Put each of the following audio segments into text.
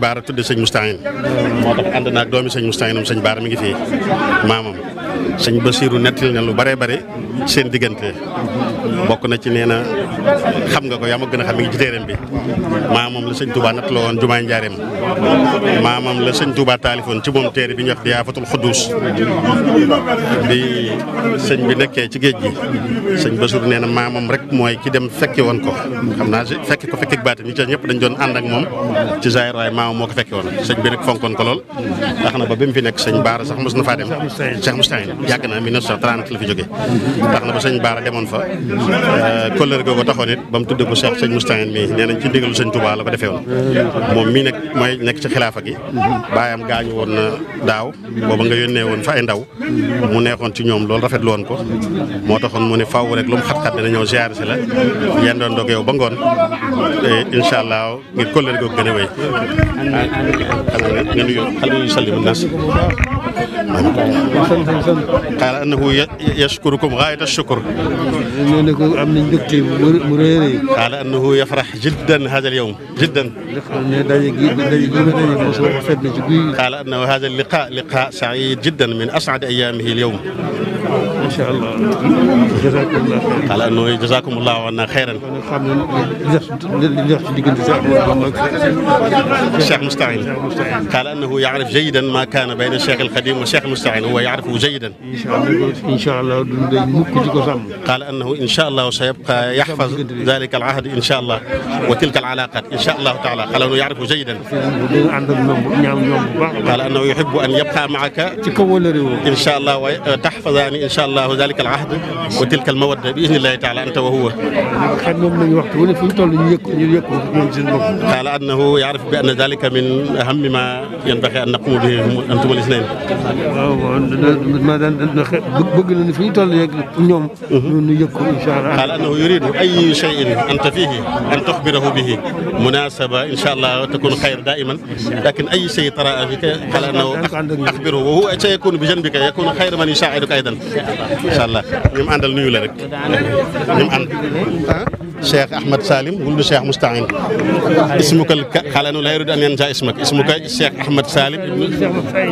baara tudde sëñ Moustahin moo tax ànd naag doomi sëñ Moustahinam sëñ baara mu ngi fii maamam sëñ Basiiru nettil na lu bare bare seen diggante bokk na ci nee na xam nga ko yaa ma gën a xam mi ngi ci téeréem bi maamam la sëñ Touba natt la woon jumaay njaareem maamam la sëñ Touba taalifoon ci moom téere bi ñu wax di yaafatul fa bi sëñ bi nekkee ci géej gi sëñ Bassirou nee na maamam rek mooy ki dem fekki woon ko xam naa fekki ko fekki baati ñi ca ñëpp dañ doon ànd ak moom ci zaahir waaye maamam moo ko fekki woon sëñ bi nag fonkoon ko lool tax na ba bi mu fi nekk sëñ Baara sax mos na faa dem Cheikh Moustapha yàgg na 1930 la fi jóge tax na ba sëñ Baara demoon fa Euh, kóllëre googu taxoon it ba mu tudde ko Cheikh sëñ Moustahine mii nee nañ ci ndigalu sëñ Touba la ko defee woon moom mii nag mooy nekk ci xilaafa gi baayam gaañu woon na daaw booba nga yónnee woon fa ay ndaw mu neexoon ci ñoom loolu rafet woon ko moo taxoon mu ne faw rek lu mu xat-xat dana ñëw ziar la yéen doon dog yow ba ngoon incha allah ngir kóllëre googu gën a wéy xanaa nga nuyoo xale yu salli nas قال أنه يشكركم غاية الشكر قال أنه يفرح جدا هذا اليوم جدا قال أنه هذا اللقاء لقاء سعيد جدا من أسعد أيامه اليوم ان شاء الله جزاكم الله خير على انه جزاكم الله عنا خيرا الشيخ مستعين قال انه يعرف جيدا ما كان بين الشيخ القديم والشيخ المستعين هو يعرفه جيدا ان شاء الله ان شاء الله قال انه ان شاء الله سيبقى يحفظ ذلك العهد ان شاء الله وتلك العلاقات ان شاء الله تعالى قال انه يعرفه جيدا قال انه يحب ان يبقى معك ان شاء الله وتحفظ يعني ان شاء الله الله ذلك العهد وتلك المودة بإذن الله تعالى أنت وهو قال أنه يعرف بأن ذلك من أهم ما ينبغي أن نقوم به أنتم الاثنين قال أنه يريد أي شيء أنت فيه أن تخبره به مناسبة إن شاء الله تكون خير دائما لكن أي شيء ترى فيك قال أنه أخبره وهو سيكون بجنبك يكون خير من يساعدك أيضا incha allah ñu mu àndal nuyu la rek ñu mu ànd Cheikh Ahmad Salim wuldu Cheikh Musta'in ismuka xalanu la yurid an yansa ismak ismuka Cheikh Ahmad Salim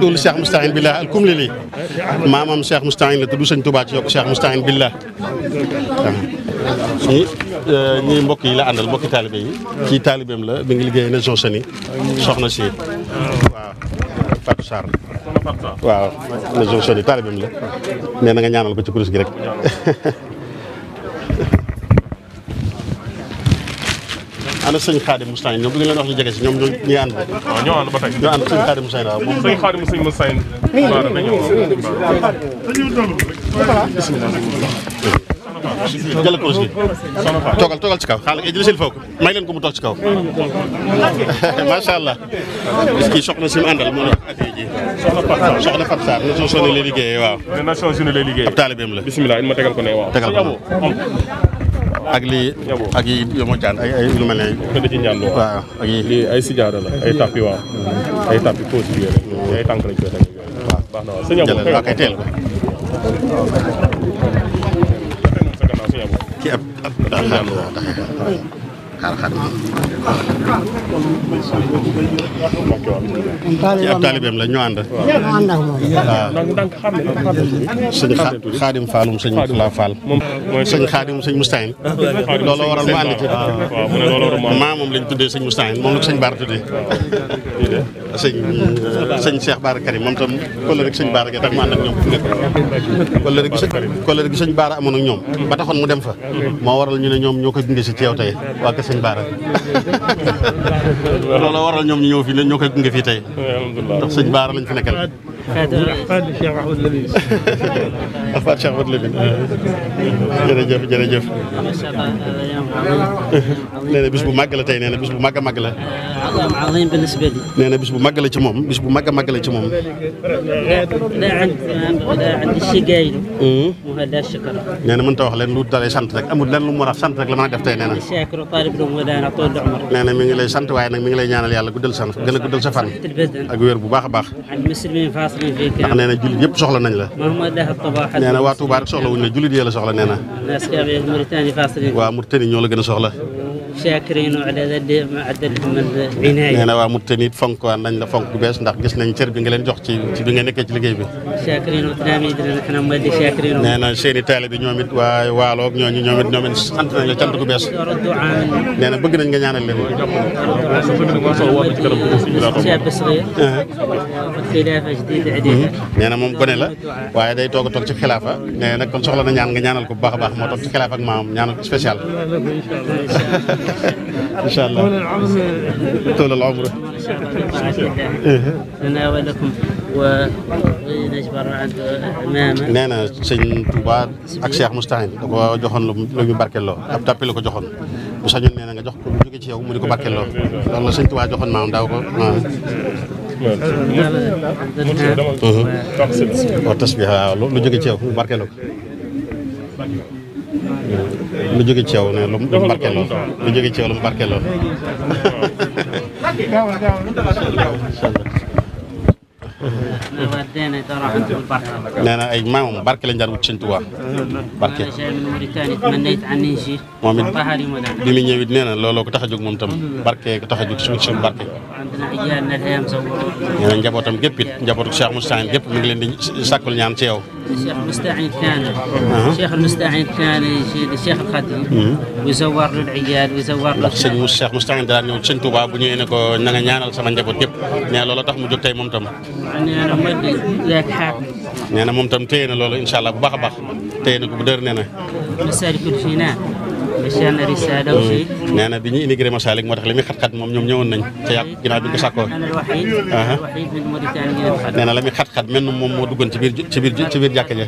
wuldu Cheikh Musta'in billah alkum li lii maamam Cheikh Musta'in la tudd sëñ Tuubaa ci yokk Cheikh Musta'in billah ñi ñi mbokk yi la àndal mbokki taalibe yi ci taalibeem la mi ngi liggéey na Nations Unies soxna si waaw Fatou Sarr waaw maison soli taalibeem la nee na nga ñaanal ko ci kurus gi rek ana sëñ Xaadim Mustayn ñoom bu ngeen leen wax ñu jege si ñoom ñoo ñuy ànd. waaw ñoo ànd ba tey ñoo ànd sëñ Xaadim Mustayn waaw moom. sëñ Xaadim Mustayn Mustayn. jël kurus gi toogal toogal ci kaw xaaral Idrissa il faut may ko mu ci kaw allah gis soxna si mu àndal mu nekk ji soxna Fatou Sarr Nations Unies lay liggéeyee waaw Nations Unies lay liggéeyee ab taalibeem la bismillah ma tegal ko ne waaw tegal ko ak lii ak yi yomo jaan ay ay lu mel ko da ñaan lo waaw ak yi ay la ay waaw ay ay waaw ko ci ab ab. xaar xaar ci ab taalibeem la sëñ Baara loolu waral ñoom ñu ñëw fii ñoo koy gunge fii tey ndax sëñ Baara lañ fi nekkal Cheikh Ahmad Lamine jërëjëf jërëjëf Nenek bis bu màgg tay tey bis bu màgg a màgg Nenek azim بالنسبة لي. nee bis bu màgg la ci moom bis bu màgg a màgg la Nenek moom. nee na mënut a wax leen lu dalee sant rek amul lenn lu mu war a sant rek la mën a def tey nee na. nee na mi ngi lay sant waaye nag mi ngi lay ñaanal yàlla guddal sa gën guddal sa fan. ak wér bu baax a baax. ndax nee na jullit yëpp soxla nañ la. nee na waa Touba rek soxla wuñ la jullit yee la soxla nee na. ñoo la soxla. shakirin wa adada ma adadhum al-inaaya nee na waa Mauritanie it fonk waan nañ la fonk bu bees ndax gis nañ cër bi nga leen jox ci ci bi nga nekkee ci liggéey bi shakirin wa tanaami dina xanam nga di shakirin nee na seeni taalibe bi ñoom it waa waaloog ñooñu ñoom it ñoom it sant nañ la cant gu bees nee na bëgg nañ nga ñaanal leen Mm-hmm. nee na moom gone la waaye day toog a ci xilaafa nee nag comme soxla na ñaan nga ñaanal ko bu baax baax moo toog ci xilaafa ak maam ñaanal ko spécial allah طول العمر لنا ولكم ونجبر عند امامه نانا سيغن ak cheikh mustahil ko joxon lu ñu barkello ab tappi ko joxon bu sañu neena nga jox ko lu joge ci yow mu di ko barkello loolu la touba joxon maam daw ko waaw tas lu jóge ci yow barkeelu ko lu jóge ci yow lu mu barkeeloo nee na ay maamam barke lañ daan wut Sëñ Tuubaa barke moom it bi mu ñëw it nee na looloo ko tax a jóg moom tam barke ko tax a jóg suñu suñu barke nee na njabootam gépp it njabootu Cheikh Moustapha gépp mu ngi leen di sàkkul ñaan si yow الشيخ المستعين كان الشيخ المستعين كان يجي للشيخ القديم ويزور له العيال وزوار له الشيخ المستعين دار نيو شن توبا بو ني نكو نغا نيانال سما نجابوت ييب لولا تخ مو تاي مومتام ني يعني انا مود ياك حاك ني انا مومتام تاي ان شاء الله بو باخ تاي نكو بو مسالك الفينان missionnaire Saada mm. na bi ñu immigré Masalik moo tax li muy xat-xat moom ñoom ñëwoon nañ ca yàgg ginnaaw bi ñu ko na la muy xat-xat mel na moom moo duggoon ci biir ci biir ci biir jàkka ja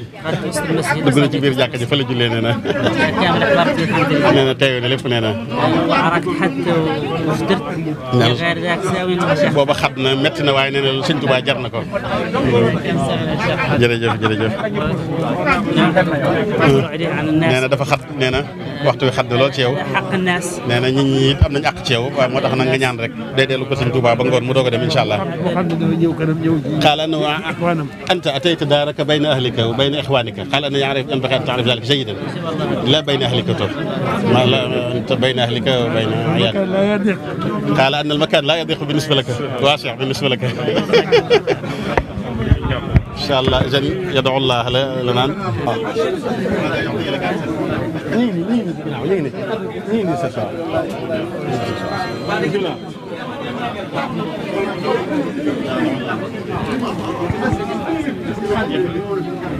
dugg na ci biir jàkka ja fa la jullee nee na nee na teewe na booba xat na metti na waaye nee na sëñ jar na ko jërëjëf jërëjëf mm. nee dafa xat nee waxtu wi xadd lool ci yow xaq naas nee nit ñi am nañ àq ci yow waaw moo tax nga ñaan rek day ko sëñ Touba ba mu قال أنه أنت أتيت دارك بين أهلك وبين إخوانك قال أنا يعرف ينبغي أن تعرف ذلك جيدا لا بين أهلك طب ما لا أنت بين أهلك وبين عيالك قال أن المكان لا يضيق بالنسبة لك واسع بالنسبة لك ان شاء الله اذا يدعو الله لنا آه. نيني نيني نعم، نيني نيني Thank you.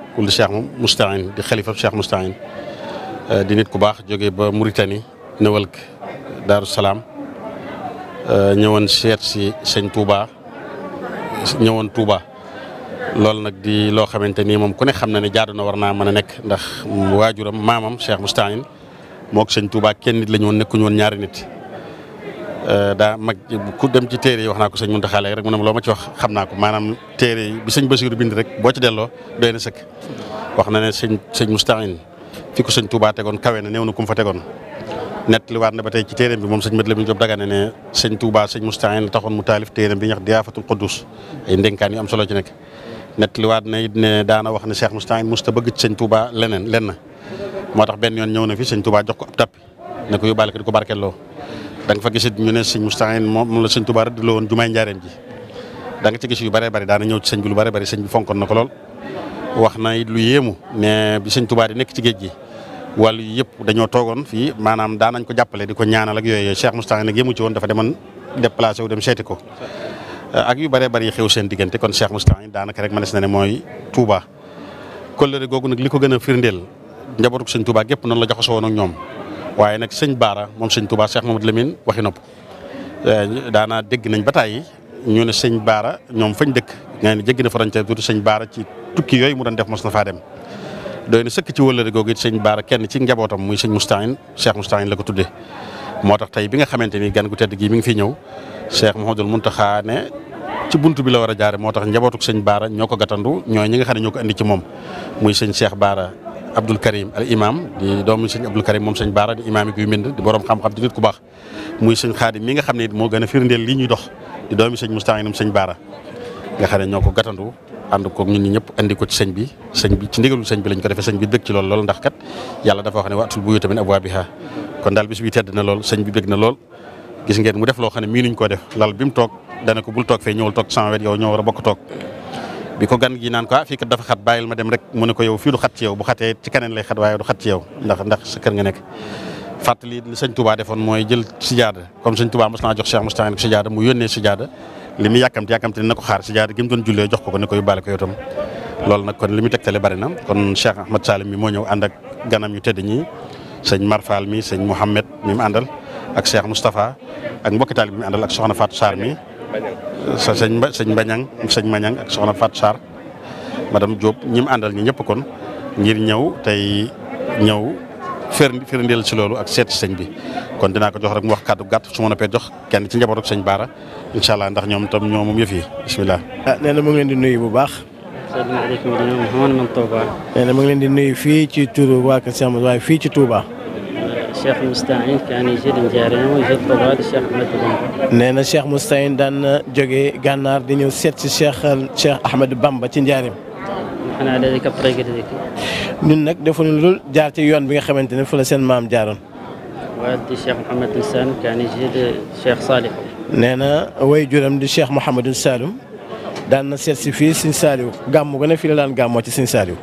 kul di Cheikh Moustahine di xalifab Cheikh Moustahine eh, di nit ku baax jóge ba Mauritanie Nawalk Daaru Salaam eh, ñëwoon seet si sëñ Touba ñëwoon Touba loolu nag di loo xamante ni moom ku ne xam na ne jaadu na war naa mën a nekk ndax waajuram maamam Cheikh Moustahine moo ko sëñ Touba kenn nit la ñu woon nekkuñu woon ñaari nit Euh, daa mag ku dem ci téere yi wax naa ko sëñ Muntaxa léegi rek mu ne ma ma ci wax xam naa ko maanaam téere yi bi sëñ Basiru bind rek boo ci delloo doy na sëkk wax na ne sëñ sëñ Mustaxin fi ko sëñ Touba tegoon kawe na new na ku mu fa tegoon nett na ba tey ci téereem bi moom sëñ Madlamin Jóob Dagana ne sëñ Touba sëñ Mustaxin taxoon mu taalif téereem bi ñax Diyaafatul Quddus ay ndénkaan yu am solo ci nekk nett li na it ne daana wax ne Cheikh Mustaxin musta bëgg ci sëñ leneen lenn moo tax benn yoon ñëw na fi sëñ Touba jox ko ab tàpp ne ko yóbbaale ko di ko barkeeloo danga nga fa gisit ñu ne sëñ Moustahine moom la sëñ Touba di la woon jumaay njaareem ji danga nga ci gis yu bëree bëri daana ñëw ci sëñ bi lu bëree bëri sëñ bi fonkoon ko lool wax na it lu yéemu ne bi sëñ Touba di nekk ci géej gi wàllu yëpp dañoo toogoon fii maanaam daan nañ ko jàppale di ko ñaanal ak yooyu Cheikh Moustahine nag yéemu ci woon dafa demoon déplacé wu dem seeti ko ak yu bëree bëri xew seen diggante kon Cheikh Moustahine daanaka rek mënees na ne mooy Touba. kóllëre googu nag li ko gën a firndeel njabootu sëñ Touba gépp noonu la jaxasoo woon ak ñoom waaye nag sëñ Baara moom sëñ Touba Cheikh Mamadou Lamine waxi nopp eh, daanaa dégg nañ ba tàyyi ñu ne sëñ Baara ñoom fañ dëkk nga ne jéggi na frontière tuuti sëñ Baara ci tukki yooyu mu doon def mos na faa dem. doy na sëkk ci wëllëre googu it sëñ Baara kenn ci njabootam muy sëñ Moustahine Cheikh Moustahine la ko tuddee moo tax tey bi nga xamante ni gan gu tedd gii mi ngi fi ñëw Cheikh Mouhamadoul Mountakha ne ci bunt bi la war a jaare moo tax njabootuk sëñ Baara ñoo ko gàttandu ñooy ñi nga xam ne ñoo ko andi ci moom muy sëñ Cheikh Baara Abdoul Karim al imam di doomu sëñ Abdoul Karim moom sëñ Baara di imaam yi guy mbind di borom xam-xam di nit ku baax muy sëñ Xaadim mi nga xam ne it moo gën a firndeel lii ñuy dox di doomi sëñ Mustaqim sëñ Baara nga xam ne ñoo ko gatandu ànd ko ñun ñi ñëpp andi ko ci sëñ bi sëñ bi ci ndigalul sëñ bi lañ ko defee sëñ bi ci lool lool ndax kat yàlla dafa wax ne waatul buyu tamit abwaabiha lool sëñ bi bëgg na lool gis ngeen mu def loo xam ne mii nuñ koo def lal bi mu toog dana ko bul toog fee ñëwul toog sans wet yow ñoo war a bokk biko gan gi nan ko ah ka dafa xat bayil ma dem rek mu yow fi du xat ci yow bu xate ci kenen lay xat waye du xat ci yow ndax ndax sa keur nga nek fatali li seigne Touba defoon mooy jël sijaada comme seigne Touba musna jox Cheikh Moustapha ko mu yónnee yakam ko xaar sijaada jox ko ko ne yu yóbbaale ko yow tam kon limi mu bari na kon Cheikh ahmed Salim mi mo ñew and ak ganam yu tedd ni seigne Marfal mi seigne mohammed mi andal ak Cheikh Moustapha ak mbokk talib mi andal ak soxna Fatou sar mi sa señ ba señ bañang señ Mañang ak soxna Fat sar madame job ñim andal ñi ñep kon ngir ñëw tey ñëw fer firndeel ci lolu ak set señ bi kon dina ko jox rek mu wax kaddu gatt suma ma noppee jox kenn ci njabot ak señ bara inshallah ndax ñom tam ñom ah, mu yefi bismillah neena mo ngi di nuyu bu baax. alaykum wa wa barakatuh neena mo ngi di nuyu fi ci Touba waa Kër Cheikh waaye ci Touba. الشيخ مستعين كان يجد نجارين ويجد طبعا الشيخ أحمد بامبا نينا الشيخ مستعين دان جوغي غانار دي نيو سيرت الشيخ الشيخ أحمد بامبا تنجارين نحن على ذلك بريق ذلك نحن نك دفن لول جارت يوان بيغا خمنتني فلسين مام جارون وعد الشيخ محمد نسان كان يجد الشيخ صالح نينا ويجولم دي الشيخ محمد سالم dan na sét si fii sin saliw gàmmu gën a file daan gàmmoo ci sin saliw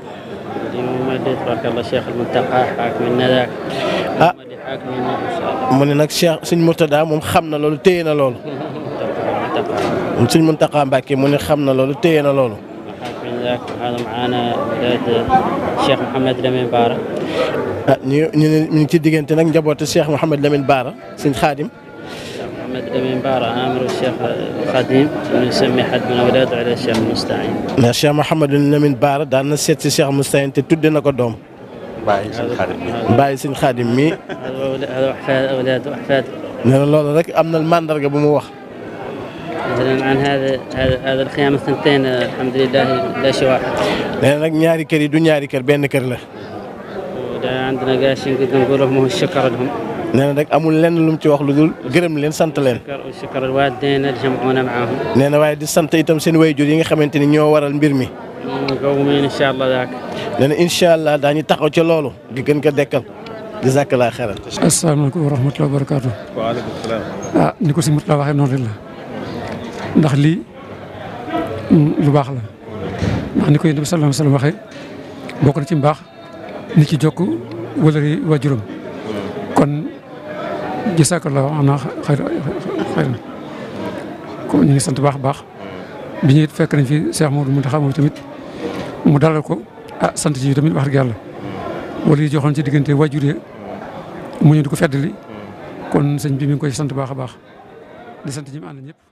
di ma ma di tabarkallah cheikh al muntaqa ak min nadaak mune nak Cheikh seigne murtada mom xamna lolou teyena lolou seigne muntaka mbake mune xamna lolou teyena lolou na loolu téye Cheikh mohammed Lamine bara ah ñu ñu ne ñu ngi ci diggante nag njabootu Cheikh mohammed Lamine bara Sëñ Xaadim. محمد الأمين بارة عامر الشيخ القديم نسمي حدنا ولاده على الشيخ المستعين. الشيخ محمد الأمين بارة دعنا سيت الشيخ المستعين تتدنا قدام. باي سن خادم باي سن خادم مي هذا احفاد اولاد احفاد نرى الله ذاك امن المندر قبل ما مثلا عن هذا هذا هذا الخيام الثنتين الحمد لله لا شيء واحد لان نياري كري دنيا كر بين كر له عندنا قاشين قد نقولهم هو الشكر لهم نانا داك امول لين لوم تي واخ لودول غريم لين سانت لين شكر الوالدين اللي جمعونا معاهم نانا واي دي سانت ايتام سين واي جور ييغا خامتيني ньо وارال مبير مي gawuma incha allah daak nee na incha allah daañu taxaw ci loolu di gën ko dekkal jazakallah xeeran asalaamaaleykum wa rahmatulah wa barakaatu waaleykum salaam ah ni ko si mut la waxee noonu rek la ndax lii lu baax la ndax ni ko yonent bi sallallahu alayhi wa sallam waxee bokk na ci mbaax ni ci jokk wala waajuram kon jazakallah ana xayr xayran kon ñu ngi sant baax baax bi ñu fekk nañ fi Cheikh Modou Mountakha moom tamit mu dalal ko ah sant ci tamit wax dëgg yàlla wala yi joo xam ci diggante waajur mu ñëw di ko feddali mm. kon sëñ bi mi koy sant baax a baax di sant ñi mu ànd